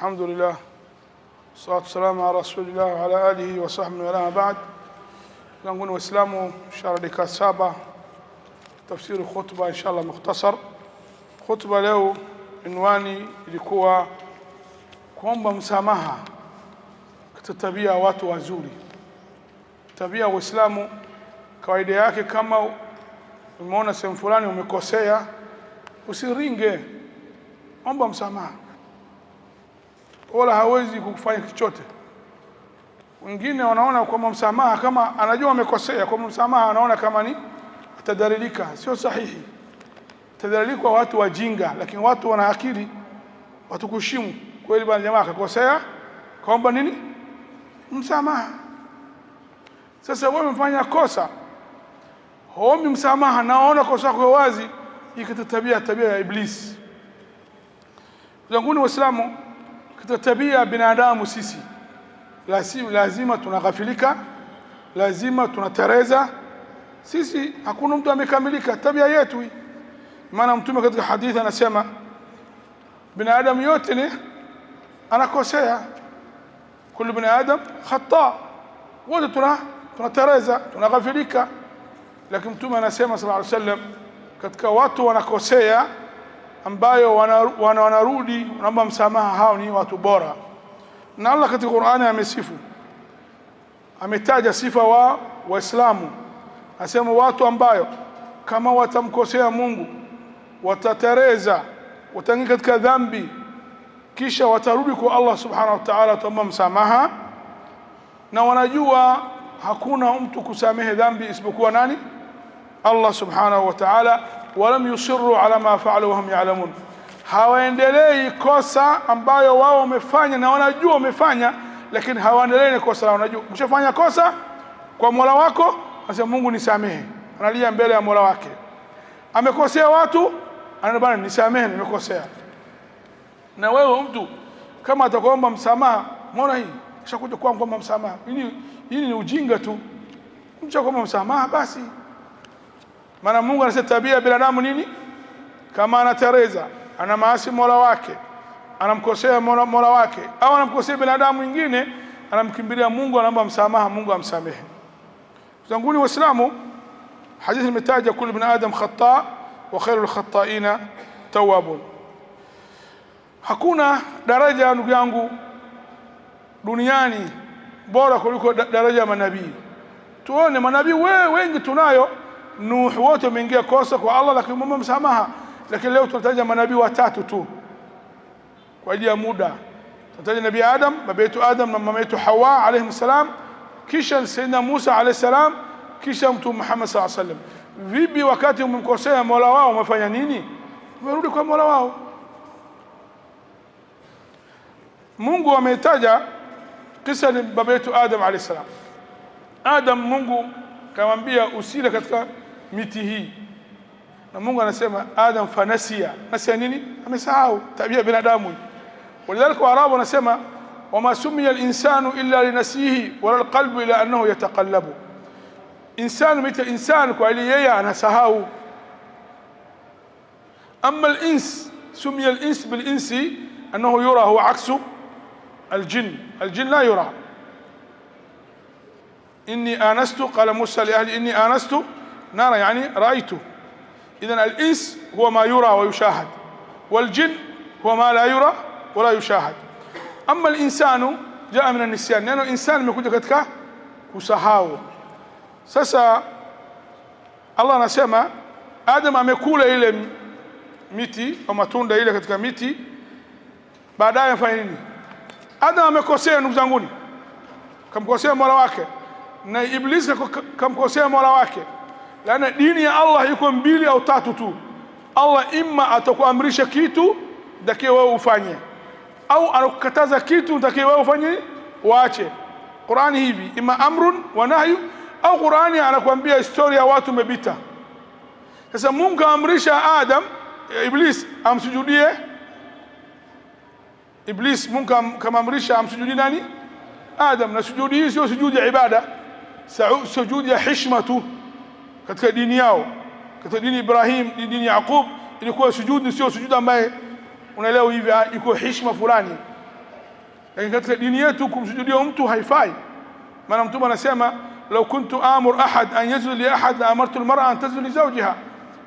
Elhamdülillah. Salatu salamu ala Resulillah ve ala alihi ve sahbihi ve la ba'd. Languni Waislamu shara dakika saba tafsiri khutba inshallah mukhtasar. Khutba leo inwani ilikuwa kuomba msamaha katika tabia watu wazuri. Tabia ya Uislamu kawaida yake kama umeona sehemu fulani umekosea usiringe omba msamaha wala hawezi kufanya chochote. Wengine wanaona kwamba msamaha kama anajua amekosea, kwamba msamaha anaona kama ni atadhalilika. Sio sahihi. Atadhalilika watu wajinga, lakini watu wana akili watukushimu kweli. Bwana jamaa akakosea, kaomba nini? Msamaha. Sasa wewe umefanya kosa, hombi msamaha, naona kosa lako wazi, ikita tabia tabia ya Iblisi. Zanguni Waislamu katika tabia ya binadamu sisi lazima, lazima tunaghafilika lazima tunatereza sisi hakuna mtu amekamilika tabia yetu maana mtume katika hadithi anasema binadamu yote ni anakosea kullu binadamu khata wote tuna tunatereza tunaghafilika lakini mtume anasema sallallahu alaihi wasallam katika watu wanakosea ambayo wanarudi wanaomba msamaha, hao ni watu bora. Na Allah katika Qur'ani amesifu, ametaja sifa wa Waislamu, asema watu ambayo kama watamkosea Mungu watatereza, wataingia katika dhambi, kisha watarudi kwa Allah subhanahu wa ta'ala wataomba msamaha, na wanajua hakuna mtu kusamehe dhambi isipokuwa nani? Allah subhanahu wa ta'ala walam yusiru ala ma faalu wahum yalamun, hawaendelei kosa ambayo wao wamefanya na wanajua wamefanya, lakini hawaendelei na kosa la wanajua. Mshafanya kosa kwa mola wako, anasema Mungu nisamehe, analia mbele ya mola wake. Amekosea watu, anaona nisamehe, nimekosea. Na wewe mtu kama atakuomba msamaha, mbona hii kisha kuja kuomba msamaha, hii ni ujinga tu. Mcha kuomba msamaha basi maana Mungu anasema tabia ya binadamu nini? Kama anatereza, ana maasi mola wake, anamkosea mola, mola wake au anamkosea binadamu mwingine, anamkimbilia Mungu, anaomba msamaha, Mungu amsamehe. Zanguni Waislamu, hadithi imetaja kullu bin adam khata wa khairul khata'ina tawwabun. Hakuna daraja ndugu yangu duniani bora kuliko daraja ya manabii. Tuone manabii we, wengi tunayo Nuhu, wote wameingia kosa kwa Allah, lakini muomba msamaha. Lakini leo tunataja manabii watatu tu kwa ajili ya muda. Tunataja Nabii Adam, baba yetu Adam na mama yetu Hawa alayhi salam, kisha Sayyidina Musa alayhi salam, kisha Mtume Muhammad sallallahu alaihi wasallam. Vipi wakati umemkosea Mola wao wamefanya nini? Wamerudi kwa Mola wao. Mungu ametaja kisa ni baba yetu Adam alayhi salam. Adam Mungu kamwambia usile katika miti hii na Mungu anasema Adam fanasia nasia nini amesahau tabia binadamu walidhalika waarabu wanasema wama sumiya al illa linasihi wala al ila annahu yataqallabu insanu mita insanu kwa ile yeye anasahau أما الإنس سمي الإنس بالإنس أنه يرى هو عكس aljin الجن لا يرى إني آنست قال موسى لأهلي إني آنست نرى يعني رأيته إذا الإنس هو ما يرى ويشاهد والجن هو ما لا يرى ولا يشاهد أما الإنسان جاء من النسيان لأنه إنسان ما كنت كتك كسهاو سسا الله نسيما آدم أمكول إلى ميتي وما توند إلى كتك ميتي بعد أن فإنني آدم أمكوسي نبزنغوني كم كوسي مولا واكي ني إبليس كم كوسي مولا واكي Lana dini ya Allah iko mbili au tatu tu. Allah imma atakuamrisha kitu ndake wewe ufanye, au anakukataza kitu ndake wewe ufanye waache. Qurani hivi, imma amrun wa nahyu, au Qurani anakuambia historia ya watu umepita. Sasa Mungu amrisha Adam, eh, Iblis amsujudie Iblis, Mungu kamamrisha amsujudie nani? Adam, na sujudi hii sio sujudi ya ibada, sujudi ya heshima tu. katika dini yao katika dini Ibrahim dini Yaqub ilikuwa sujudu sio sujudu ambaye unaelewa hivi iko heshima fulani lakini katika dini yetu kumsujudia mtu haifai maana mtume anasema law kuntu amur ahad an yasjuda li ahad la amartu almar'a an tasjuda li zawjiha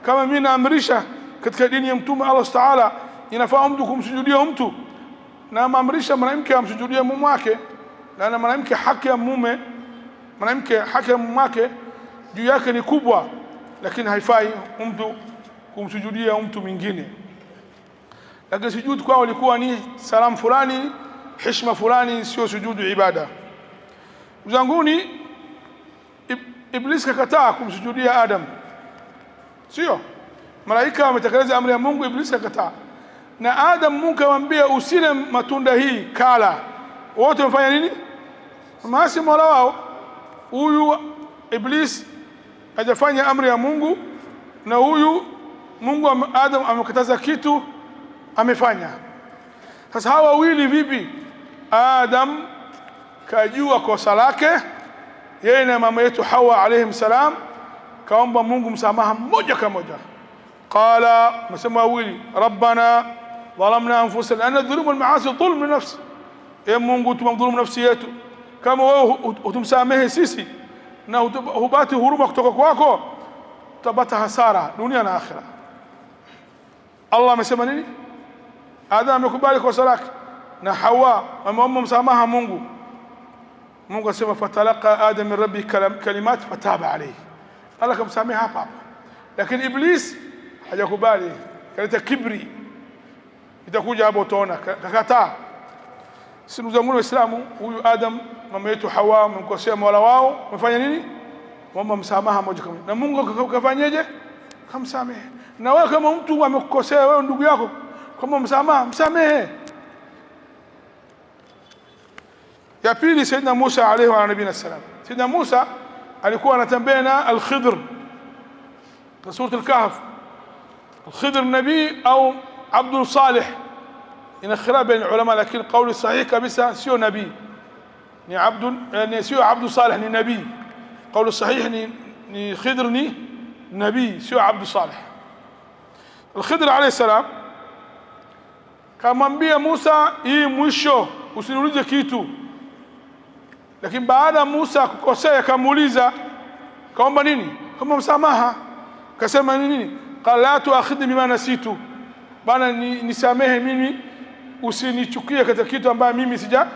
kama mimi naamrisha katika dini ya mtume Allah Taala inafaa mtu kumsujudia mtu na maamrisha mwanamke amsujudie mume wake na mwanamke haki ya mume mwanamke haki ya mume wake juu yake ni kubwa lakini haifai mtu kumsujudia mtu mwingine lakini sujud kwao ilikuwa ni salamu fulani heshima fulani sio sujudu ibada uzanguni iblis kakataa kumsujudia adam sio malaika ametekeleza amri ya mungu iblis kakataa na adam mungu kamwambia usile matunda hii kala wote wamefanya nini maasi mola wao huyu iblis hajafanya amri ya Mungu na huyu Mungu am, Adam amekataza kitu amefanya. Sasa hawa wawili vipi? Adam kajua kosa lake yeye na mama yetu Hawa alayhi salam, kaomba Mungu msamaha moja kwa moja. Qala, masema wawili, rabbana dhalamna anfusana, ana dhulumu almaasi dhulmu nafsi, e Mungu tumemdhulumu nafsi yetu, kama wewe utumsamehe sisi na hubati huruma kutoka kwako utapata hasara dunia na akhira Allah amesema nini Adam amekubali kosa lake na Hawa ameomba msamaha Mungu Mungu asema fatalaqa Adam min rabbi kalimat fataba alayhi Allah kamsamehe hapa hapa lakini Iblis hajakubali kaleta kibri itakuja hapo utaona kakataa si ndugu zangu waislamu huyu adam mama yetu hawa mkosea mola wao wamefanya nini waomba msamaha moja kwa moja na mungu kafanyeje kamsamehe na wewe kama mtu amekukosea wewe ndugu yako kama msamaha msamehe ya pili saidna musa alaihi wa nabiyina salam saidna musa alikuwa anatembea na al-khidr na surat al-kahf الخضر نبي او عبد الصالح ina khilaf bain ulama lakini kauli sahihi kabisa sio nabii ni abdu ni sio abdu salih ni nabii kauli sahihi ni ni khidr ni nabii sio abdu salih الخضر عليه السلام kamwambia Musa hii mwisho usiniulize kitu lakini baada ya Musa kukosea kamuuliza kaomba nini kama msamaha kasema nini qala la tuakhidni bima nasitu bana nisamehe mimi usinichukie katika kitu ambayo mimi sija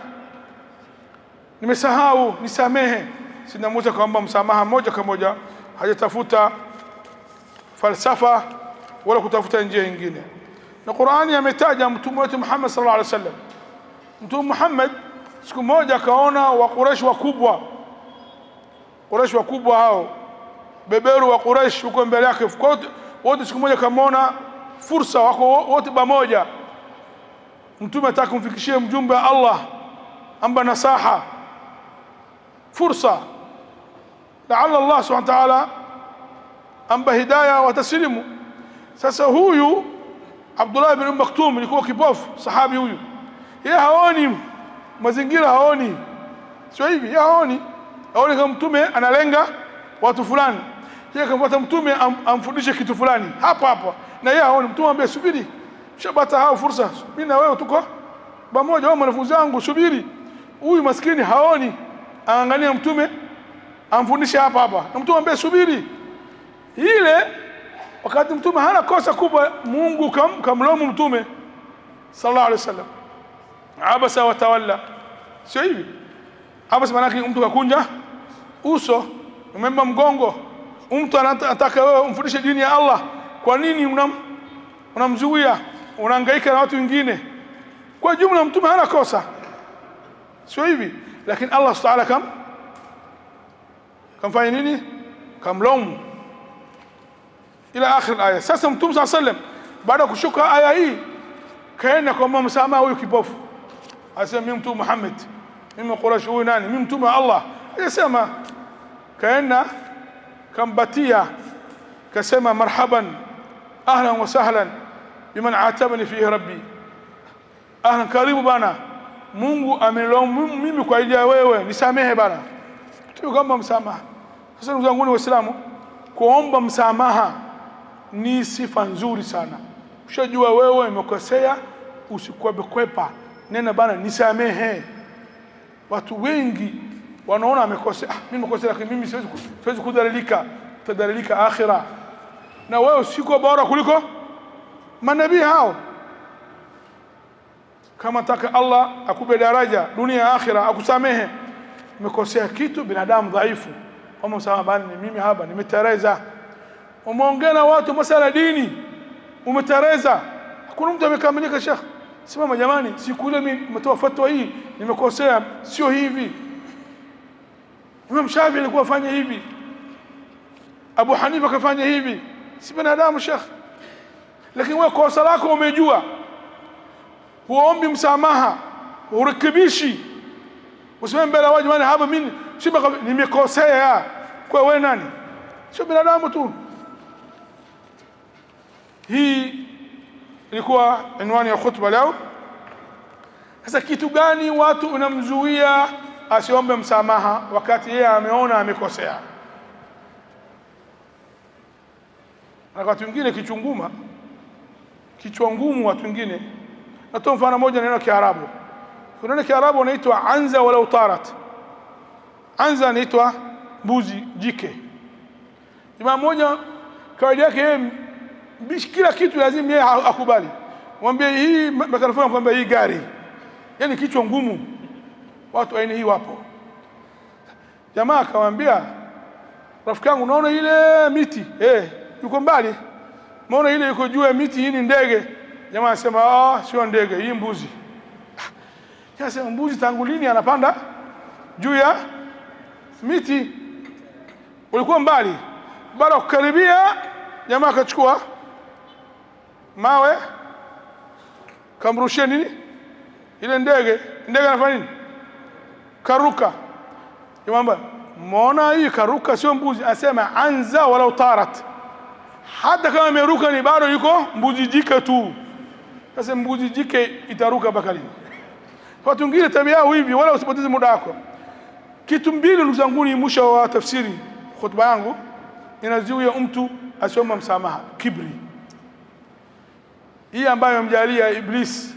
nimesahau nisamehe sinamuza kaomba msamaha moja kwa moja hajatafuta falsafa wala kutafuta njia nyingine na Qur'ani ametaja mtume wetu Muhammad sallallahu alaihi wasallam mtume Muhammad siku moja akaona wa Quraysh wakubwa Quraysh wakubwa hao beberu wa Quraysh huko mbele yake wote siku moja kamona fursa wako wote pamoja mtume ataka kumfikishia mjumbe wa Allah amba nasaha fursa laala Allah subhanahu wa ta'ala amba hidaya wataslimu sasa huyu Abdullah ibn Maktum alikuwa kipofu sahabi huyu yeye haoni mazingira haoni sio hivi yeye haoni haoni kama mtume analenga watu fulani yeye akamfuata mtume am, amfundishe kitu fulani hapa hapa na yeye haoni mtume ambaye subiri shapata hao fursa mimi na wewe tuko pamoja wao wanafunzi wangu subiri huyu maskini haoni aangalia mtume amfundisha hapa hapa na mtume ambaye subiri ile wakati mtume hana kosa kubwa Mungu kam, kamlomu mtume sallallahu alaihi wasallam abasa wa tawalla sio hivi abasa maana yake mtu kakunja uso umemba mgongo mtu anataka wewe umfundishe dini ya Allah kwa nini unam unamzuia unahangaika na watu wengine kwa jumla mtume hana kosa sio hivi lakini Allah subhanahu kam kamfanya nini kamlaumu ila akhir aya sasa mtume sallallahu sallam baada ya kushuka aya hii kaenda kwa msamaha huyu kipofu asema mimi mtume muhammed mimi Quraysh huyu nani mimi mtume wa Allah akasema kaenda kambatia kasema marhaban ahlan wa sahlan biman atabani fihi rabbi ahlan karibu bana Mungu amelaumu mimi kwa ajili ya wewe nisamehe bana tu msamaha sasa ndugu zangu waislamu kuomba msamaha ni sifa nzuri sana ushajua wewe umekosea usikwepekwepa nena bana nisamehe watu wengi wanaona amekosea ah, mimi nimekosea lakini mimi siwezi siwezi kudhalilika tadhalilika akhira na wewe siko bora kuliko manabii hao kama taka Allah akupe daraja dunia akhira akusamehe umekosea kitu binadamu dhaifu kama msama ni mimi hapa nimetereza umeongea na watu masala dini umetereza hakuna mtu amekamilika shekh simama jamani siku ile mimi umetoa fatwa hii nimekosea sio hivi Imam Shafi alikuwa afanya hivi Abu Hanifa kafanya hivi si binadamu shekh lakini wewe kosa lako umejua, huombi msamaha, urekebishi, useme mbele ya jamani, hapa mimi nimekosea. Kwa wewe nani? Sio binadamu tu. Hii ilikuwa inwani ya khutba leo. Sasa kitu gani watu unamzuia asiombe msamaha wakati yeye ameona amekosea? Na watu wengine kichunguma kichwa ngumu watu wengine. Natoa mfano moja, neno Kiarabu. Kuna neno Kiarabu naitwa anza walau tarat. Anza naitwa mbuzi jike. Jamaa mmoja kawaida yake kila kitu lazima yeye akubali, mwambie hii mikrofoni, mwambie hii gari, yani kichwa ngumu. Watu aina hii wapo. Jamaa akamwambia rafiki yangu, unaona ile miti eh, yuko mbali mbona ile iko juu ya miti hii ni ndege? Jamaa anasema ah, sio ndege, hii mbuzi. Anasema mbuzi tangu lini anapanda juu ya miti? Ulikuwa mbali, baada ya kukaribia, jamaa akachukua mawe kamrushia nini ile ndege. Ndege anafanya nini? Karuka. Jamaa mbona hii karuka, sio mbuzi? Asema anza walau tarat hata kama ameruka ni bado yuko mbuzi jike tu. Sasa mbuzi jike itaruka mpaka lini? Watu wengine tabia hivi, wala usipoteze muda wako. Kitu mbili, ndugu zangu, ni mwisho wa tafsiri hotuba yangu, inazuia mtu asiomba msamaha, kibri hii ambayo amjalia Iblis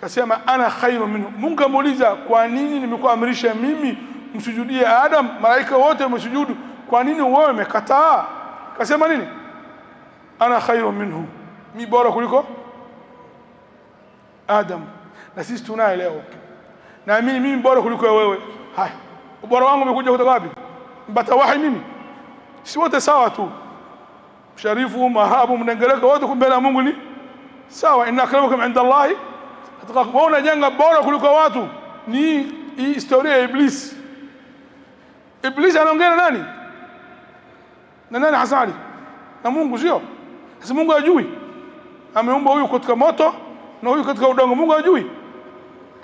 kasema ana khairu minhu. Mungu amuuliza, kwa nini nimekuamrisha mimi msujudie Adam, malaika wote wamesujudu, kwa nini wewe umekataa? Kasema nini? ana khairu minhu mi bora kuliko adam na sisi tunaye leo naamini mimi bora kuliko wewe haya ubora wangu umekuja kutoka wapi Mbata wahi mimi si wote sawa tu sharifu mahabu mnaangeleka wote kumbe na Mungu ni sawa inna akramakum inda Allah atakakum wewe unajenga bora kuliko watu ni historia ya iblis iblis anaongea na nani na nani hasali na Mungu sio sasa Mungu hajui ameumba huyu katika moto na huyu katika udongo? Mungu hajui?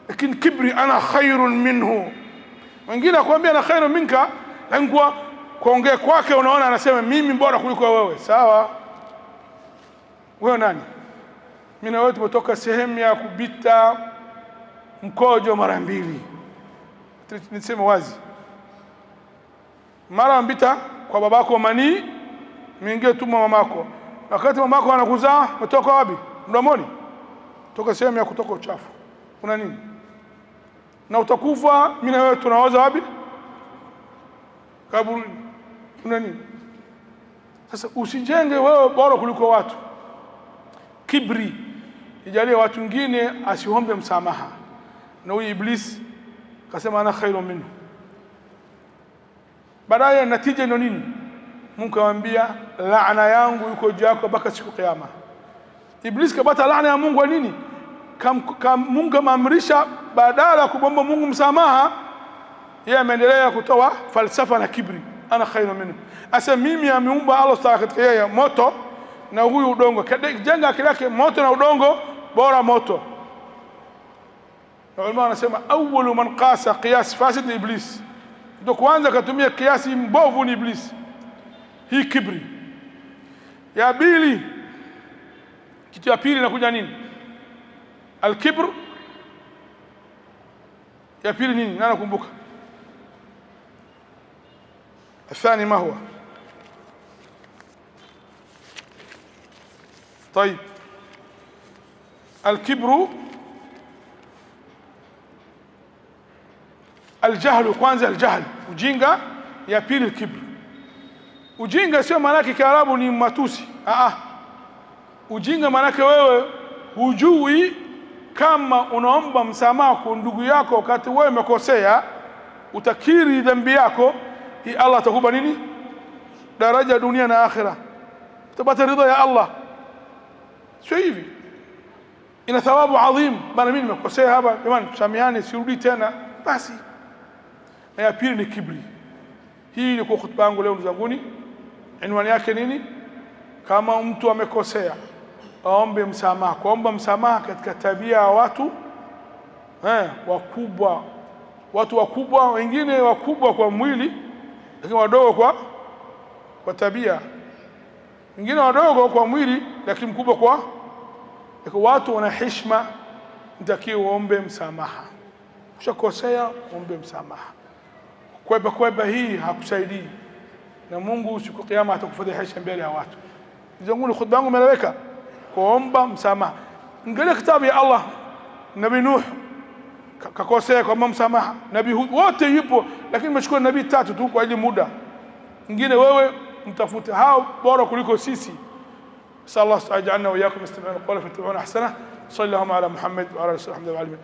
Lakini kibri, ana khairun minhu. Wengine akwambia ana khairun minka, lakini kwa kuongea kwake unaona anasema mimi bora kuliko wewe. Sawa, wewe nani? Mimi na wewe tumetoka sehemu ya kubita mkojo mara mbili, niseme wazi, mara mbita kwa babako manii, mwingine tuma mamako wakati mamako anakuzaa umetoka wapi mdomoni toka sehemu ya kutoka uchafu una nini na utakufa mimi na wewe tunaoza wapi kaburini una nini sasa usijenge wewe bora kuliko watu kibri ijalie watu wengine asiombe msamaha na huyu iblisi kasema ana khairu minhu baadaye natija ndio nini Mungu kamwambia laana yangu yuko juu yako mpaka siku kiyama. Iblis kapata laana ya Mungu wa nini? Kam, kam, Mungu kamamrisha badala ya kumwomba Mungu msamaha, yeye ameendelea kutoa falsafa na kibri, ana khairu minhu. Asa mimi ameumba Allah Taala katika yeye moto na huyu udongo, jenga akili yake moto na udongo, bora moto. Ulama wanasema awwalu man qasa qiyas fasid ni Iblis, ndio kwanza katumia kiasi mbovu ni Iblis hii kibri. Ya pili, kitu ya pili inakuja nini? Alkibr. Ya pili nini? Na nakumbuka الثاني ما هو طيب الكبر الجهل كwanza الجهل ujinga ya pili الكبر Ujinga sio maanake Kiarabu ni matusi. Aa, ujinga maanake wewe hujui kama unaomba msamaha kwa ndugu yako wakati wewe umekosea, utakiri dhambi yako, hii Allah atakupa nini? Daraja dunia na akhira, utapata ridha ya Allah. Sio hivi, ina thawabu adhim. Bana, mimi nimekosea hapa, jamani, tusamiane, sirudi tena basi. Na ya pili ni kibri. Hii ilikuwa khutba yangu leo, ndugu zanguni inwani yake nini? Kama mtu amekosea aombe msamaha. Kuomba msamaha katika tabia ya watu eh, wakubwa, watu wakubwa, wengine wakubwa kwa mwili, lakini wadogo kwa kwa tabia, wengine wadogo kwa mwili, lakini mkubwa kwa watu wana heshima, nitakiwa uombe msamaha. Ukishakosea uombe msamaha. Kwepa kwepa hii hakusaidii na Mungu siku kiyama atakufadhihisha mbele ya watu. Ndugu khutba yangu imeeleweka? Kuomba msamaha. Angalia kitabu ya Allah Nabii Nuh kakosea kwa msamaha. Nabii wote yupo lakini umechukua nabii tatu tu kwa ajili muda. Mwingine wewe mtafute hao bora kuliko sisi. صلى الله أن يجعلنا وإياكم استمعون القول فاتبعون أحسنه صلى اللهم على محمد وعلى آله وصحبه وسلم